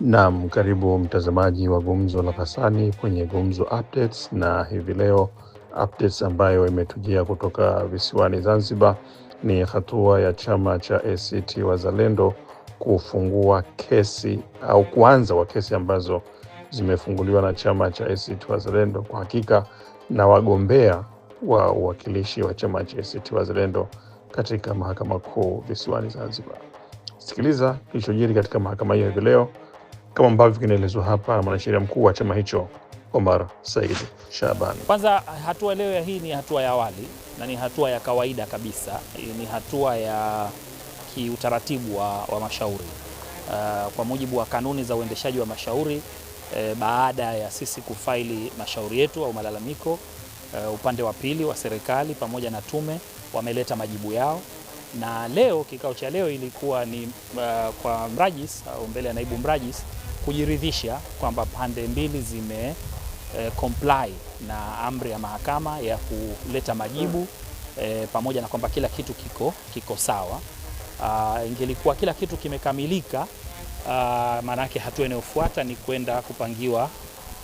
Naam, karibu mtazamaji wa Gumzo la Ghassani kwenye Gumzo Updates, na hivi leo updates ambayo imetujia kutoka visiwani Zanzibar ni hatua ya chama cha ACT Wazalendo kufungua kesi au kuanza kwa kesi ambazo zimefunguliwa na chama cha ACT Wazalendo. Kwa hakika na wagombea wa uwakilishi wa chama cha ACT Wazalendo katika mahakama kuu visiwani Zanzibar. Sikiliza kilichojiri katika mahakama hiyo hivi leo kama ambavyo kinaelezwa hapa na mwanasheria mkuu wa chama hicho Omar Said Shaban. Kwanza, hatua leo ya hii ni hatua ya awali na ni hatua ya kawaida kabisa, ni hatua ya kiutaratibu wa, wa mashauri uh, kwa mujibu wa kanuni za uendeshaji wa mashauri eh, baada ya sisi kufaili mashauri yetu au malalamiko uh, upande wa pili wa serikali pamoja na tume wameleta majibu yao na leo kikao cha leo ilikuwa ni uh, kwa mrajis au mbele ya naibu mrajis kujiridhisha kwamba pande mbili zime e, comply na amri ya mahakama ya kuleta majibu e, pamoja na kwamba kila kitu kiko, kiko sawa. Aa, ah, ingelikuwa kila kitu kimekamilika, ah, maana yake hatua inayofuata ni kwenda kupangiwa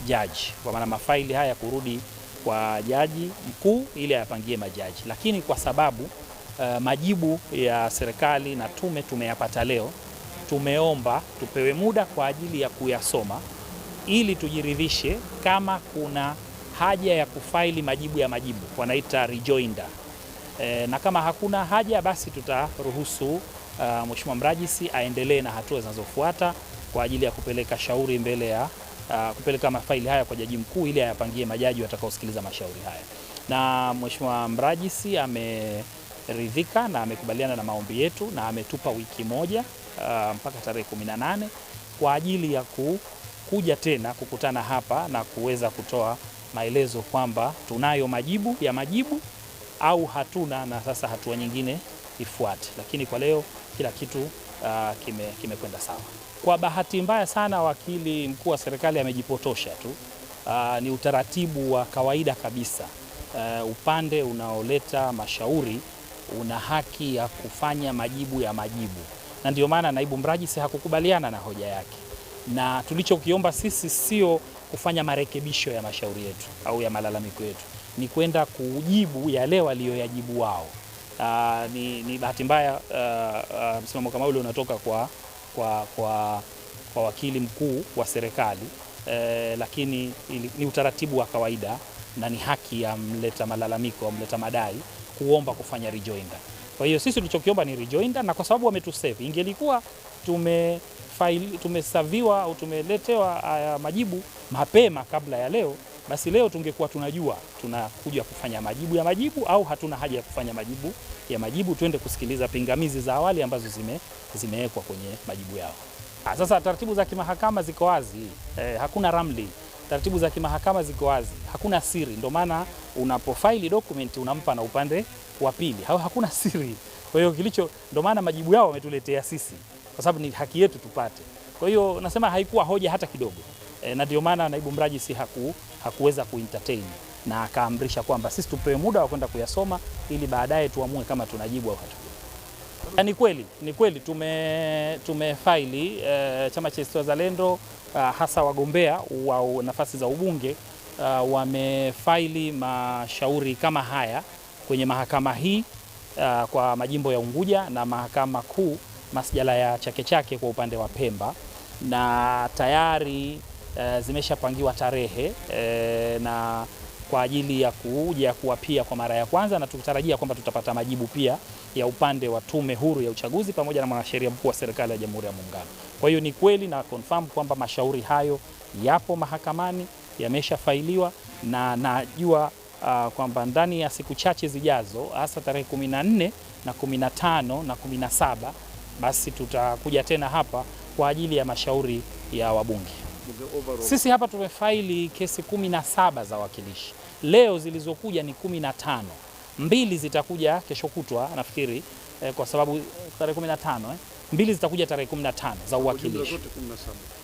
jaji, kwa maana mafaili haya kurudi kwa jaji mkuu ili ayapangie majaji, lakini kwa sababu Uh, majibu ya serikali na tume tumeyapata leo tumeomba tupewe muda kwa ajili ya kuyasoma ili tujiridhishe kama kuna haja ya kufaili majibu ya majibu, wanaita rejoinder e, na kama hakuna haja basi tutaruhusu uh, Mheshimiwa Mrajisi aendelee na hatua zinazofuata kwa ajili ya kupeleka shauri mbele ya uh, kupeleka mafaili haya kwa Jaji Mkuu ili ayapangie majaji watakaosikiliza mashauri haya, na Mheshimiwa Mrajisi ameridhika na amekubaliana na maombi yetu na ametupa wiki moja uh, mpaka tarehe 18 kwa ajili ya kuja tena kukutana hapa na kuweza kutoa maelezo kwamba tunayo majibu ya majibu au hatuna, na sasa hatua nyingine ifuate. Lakini kwa leo kila kitu uh, kimekwenda sawa. Kwa bahati mbaya sana, wakili mkuu wa serikali amejipotosha tu. Uh, ni utaratibu wa kawaida kabisa. Uh, upande unaoleta mashauri una haki ya kufanya majibu ya majibu na ndio maana naibu mrajisi hakukubaliana na hoja yake, na tulichokiomba sisi sio kufanya marekebisho ya mashauri yetu au ya malalamiko yetu, ni kwenda kujibu yale waliyoyajibu wao. Uh, ni, ni bahati mbaya uh, uh, msimamo kama ule unatoka kwa, kwa, kwa, kwa wakili mkuu wa serikali eh, lakini ili, ni utaratibu wa kawaida na ni haki ya mleta malalamiko mleta madai kuomba kufanya rejoinder. Kwa hiyo sisi tulichokiomba ni rejoinder, na kwa sababu wametusave, ingelikuwa tume file tumesaviwa au tumeletewa uh, majibu mapema kabla ya leo, basi leo tungekuwa tunajua tunakuja kufanya majibu ya majibu au hatuna haja ya kufanya majibu ya majibu, twende kusikiliza pingamizi za awali ambazo zime zimewekwa kwenye majibu yao. Sasa taratibu za kimahakama ziko wazi eh, hakuna ramli taratibu za kimahakama ziko wazi, hakuna siri. Ndio maana unapofaili document unampa na upande wa pili, hakuna siri. Kwa hiyo kilicho, ndio maana majibu yao wametuletea sisi, kwa sababu ni haki yetu tupate. Kwa hiyo nasema haikuwa hoja hata kidogo e, na ndio maana naibu mrajisi haku, hakuweza kuentertain na akaamrisha kwamba sisi tupewe muda wa kwenda kuyasoma ili baadaye tuamue kama tunajibu au hatujibu. Eh, ni kweli ni kweli tume tumefaili uh, eh, chama cha ACT Wazalendo eh, hasa wagombea wa nafasi za ubunge Uh, wamefaili mashauri kama haya kwenye mahakama hii uh, kwa majimbo ya Unguja na mahakama kuu masjala ya Chake Chake kwa upande wa Pemba, na tayari uh, zimeshapangiwa tarehe uh, na kwa ajili ya kuja kuwapia kwa mara ya kwanza, na tukitarajia kwamba tutapata majibu pia ya upande wa Tume Huru ya Uchaguzi pamoja na mwanasheria mkuu wa serikali ya Jamhuri ya Muungano. Kwa hiyo ni kweli na confirm kwamba mashauri hayo yapo mahakamani, yameshafailiwa na najua uh, kwamba ndani ya siku chache zijazo, hasa tarehe 14 na 15 na 17, basi tutakuja tena hapa kwa ajili ya mashauri ya wabunge. Sisi hapa tumefaili kesi kumi na saba za wakilishi leo, zilizokuja ni kumi na tano mbili zitakuja kesho kutwa nafikiri eh, kwa sababu eh, tarehe 15 eh, mbili zitakuja tarehe 15 za uwakilishi.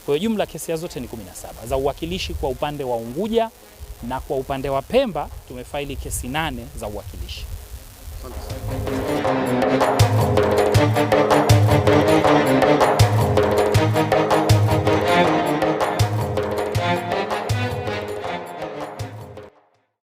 Kwa hiyo jumla kesi zote ni 17 za uwakilishi kwa upande wa Unguja, na kwa upande wa Pemba tumefaili kesi nane za uwakilishi.